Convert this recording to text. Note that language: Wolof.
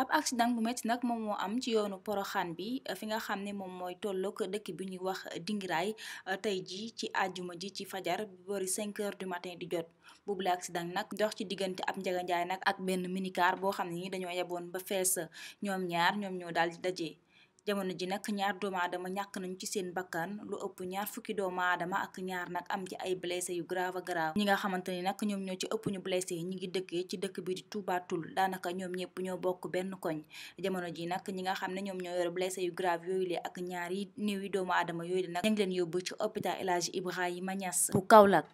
ab accident bu métti nag moom moo am ci yoonu poroxaan bi fi nga xam ne moom mooy tolloog dëkk bi ñuy wax dingiraay tey ji ci àjjuma ji ci fajar bu bari 5 heures du matin di jot boobu la accident nag dox ci diggante ab njaganjaay nag ak benn minicar boo xam ne ni dañoo yeboon ba fees ñoom ñaar ñoom ñoo daal di daje jamono ji nag ñaar doomu aadama ñàkk nañu ci seen bakkan lu ëpp ñaar fukki doomu aadama ak ñaar nag am ci ay blessé yu grave grave ñi nga xamante ni nag ñoom ñoo ci ëpp ñu blessé ñi ngi dëkkee ci dëkk bi di Touba Toul daanaka ñoom ñëpp ñoo bokk benn koñ jamono ji nag ñi nga xam ne ñoom ñoo yore blessé yu grave yooyu le ak ñaar yi néew yi doomu aadama yooyu le nag ñu ngi leen yóbbu ci hôpital El yi ma ñas bu Kaolack